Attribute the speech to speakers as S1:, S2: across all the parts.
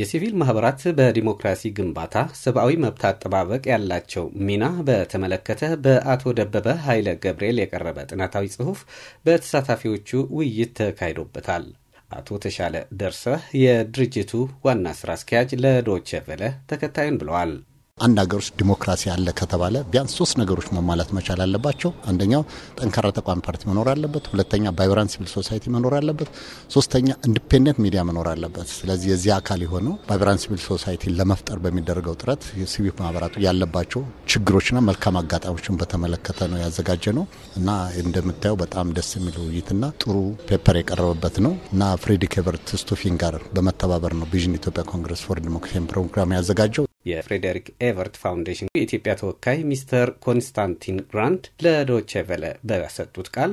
S1: የሲቪል ማህበራት በዲሞክራሲ ግንባታ ሰብአዊ መብት አጠባበቅ ያላቸው ሚና በተመለከተ በአቶ ደበበ ኃይለ ገብርኤል የቀረበ ጥናታዊ ጽሑፍ በተሳታፊዎቹ ውይይት ተካሂዶበታል። አቶ ተሻለ ደርሰህ የድርጅቱ ዋና ስራ አስኪያጅ ለዶቼ ቬለ ተከታዩን ብለዋል።
S2: አንድ ሀገር ውስጥ ዲሞክራሲ አለ ከተባለ ቢያንስ ሶስት ነገሮች መሟላት መቻል አለባቸው። አንደኛው ጠንካራ ተቋሚ ፓርቲ መኖር አለበት። ሁለተኛ ባይብራንት ሲቪል ሶሳይቲ መኖር አለበት። ሶስተኛ ኢንዲፔንደንት ሚዲያ መኖር አለበት። ስለዚህ የዚህ አካል የሆነው ባይብራንት ሲቪል ሶሳይቲ ለመፍጠር በሚደረገው ጥረት የሲቪክ ማህበራቱ ያለባቸው ችግሮችና መልካም አጋጣሚዎችን በተመለከተ ነው ያዘጋጀ ነው እና እንደምታየው በጣም ደስ የሚል ውይይትና ጥሩ ፔፐር የቀረበበት ነው እና ፍሬድሪክ ኤቨርት ስቱፊን ጋር በመተባበር ነው ቪዥን ኢትዮጵያ ኮንግረስ ፎር ዲሞክራሲ ፕሮግራም ያዘጋጀው።
S1: የፍሬዴሪክ ኤቨርት ፋውንዴሽን የኢትዮጵያ ተወካይ ሚስተር ኮንስታንቲን ግራንድ ለዶቼ ቬለ በሰጡት ቃል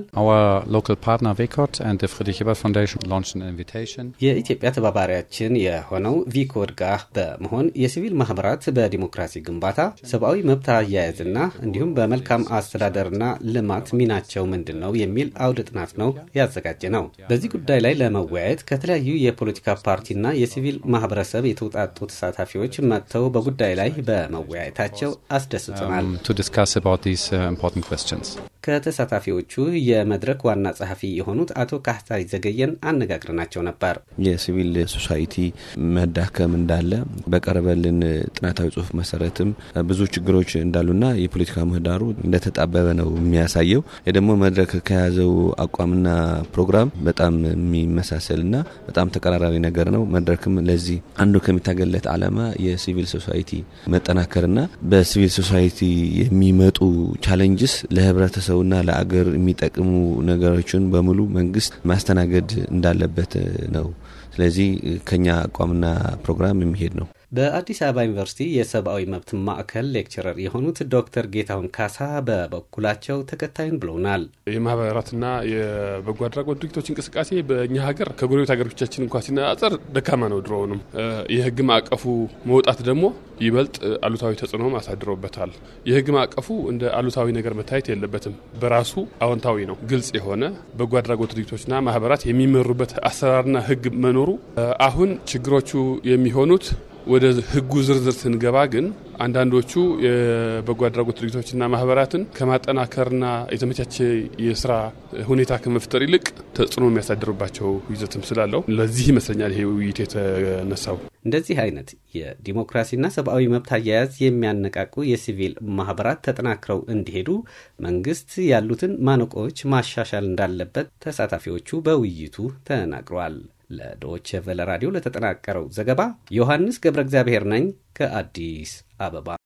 S1: የኢትዮጵያ ተባባሪያችን የሆነው ቪኮድ ጋር በመሆን የሲቪል ማህበራት በዲሞክራሲ ግንባታ፣ ሰብአዊ መብት አያያዝና እንዲሁም በመልካም አስተዳደርና ልማት ሚናቸው ምንድን ነው የሚል አውደ ጥናት ነው ያዘጋጀ ነው። በዚህ ጉዳይ ላይ ለመወያየት ከተለያዩ የፖለቲካ ፓርቲና የሲቪል ማህበረሰብ የተውጣጡ ተሳታፊዎች መጥተው በ Um,
S2: to discuss about these uh, important questions.
S1: ከተሳታፊዎቹ የመድረክ ዋና ጸሐፊ የሆኑት አቶ ካህታይ ዘገየን አነጋግረናቸው ነበር።
S2: የሲቪል ሶሳይቲ
S3: መዳከም እንዳለ በቀረበልን ጥናታዊ ጽሁፍ መሰረትም ብዙ ችግሮች እንዳሉና የፖለቲካ ምህዳሩ እንደተጣበበ ነው የሚያሳየው። ደግሞ መድረክ ከያዘው አቋምና ፕሮግራም በጣም የሚመሳሰልና በጣም ተቀራራቢ ነገር ነው። መድረክም ለዚህ አንዱ ከሚታገለት አላማ የሲቪል ሶሳይቲ መጠናከርና በሲቪል ሶሳይቲ የሚመጡ ቻለንጅስ ለህብረተሰቡ ለሰውና ለአገር የሚጠቅሙ ነገሮችን በሙሉ መንግስት ማስተናገድ እንዳለበት ነው። ስለዚህ ከኛ አቋምና ፕሮግራም የሚሄድ ነው።
S1: በአዲስ አበባ ዩኒቨርሲቲ የሰብአዊ መብት ማዕከል ሌክቸረር የሆኑት ዶክተር
S4: ጌታሁን ካሳ በበኩላቸው ተከታዩን ብለውናል። የማህበራትና የበጎ አድራጎት ድርጅቶች እንቅስቃሴ በእኛ ሀገር ከጎረቤት ሀገሮቻችን እንኳ ሲነጻጸር ደካማ ነው። ድሮውንም የህግ ማዕቀፉ መውጣት ደግሞ ይበልጥ አሉታዊ ተጽዕኖም አሳድሮበታል። የህግ ማዕቀፉ እንደ አሉታዊ ነገር መታየት የለበትም። በራሱ አዎንታዊ ነው። ግልጽ የሆነ በጎ አድራጎት ድርጅቶችና ማህበራት የሚመሩበት አሰራርና ህግ መኖሩ አሁን ችግሮቹ የሚሆኑት ወደ ህጉ ዝርዝር ስንገባ ግን አንዳንዶቹ የበጎ አድራጎት ድርጅቶችና ማህበራትን ከማጠናከርና የተመቻቸ የስራ ሁኔታ ከመፍጠር ይልቅ ተጽዕኖ የሚያሳድርባቸው ይዘትም ስላለው ለዚህ ይመስለኛል ይሄ ውይይት የተነሳው።
S1: እንደዚህ አይነት የዲሞክራሲና ሰብአዊ መብት አያያዝ የሚያነቃቁ የሲቪል ማህበራት ተጠናክረው እንዲሄዱ መንግስት ያሉትን ማነቆዎች ማሻሻል እንዳለበት ተሳታፊዎቹ በውይይቱ ተናግረዋል። ለዶች ቨለ ራዲዮ ለተጠናቀረው ዘገባ ዮሐንስ ገብረ እግዚአብሔር ነኝ ከአዲስ አበባ።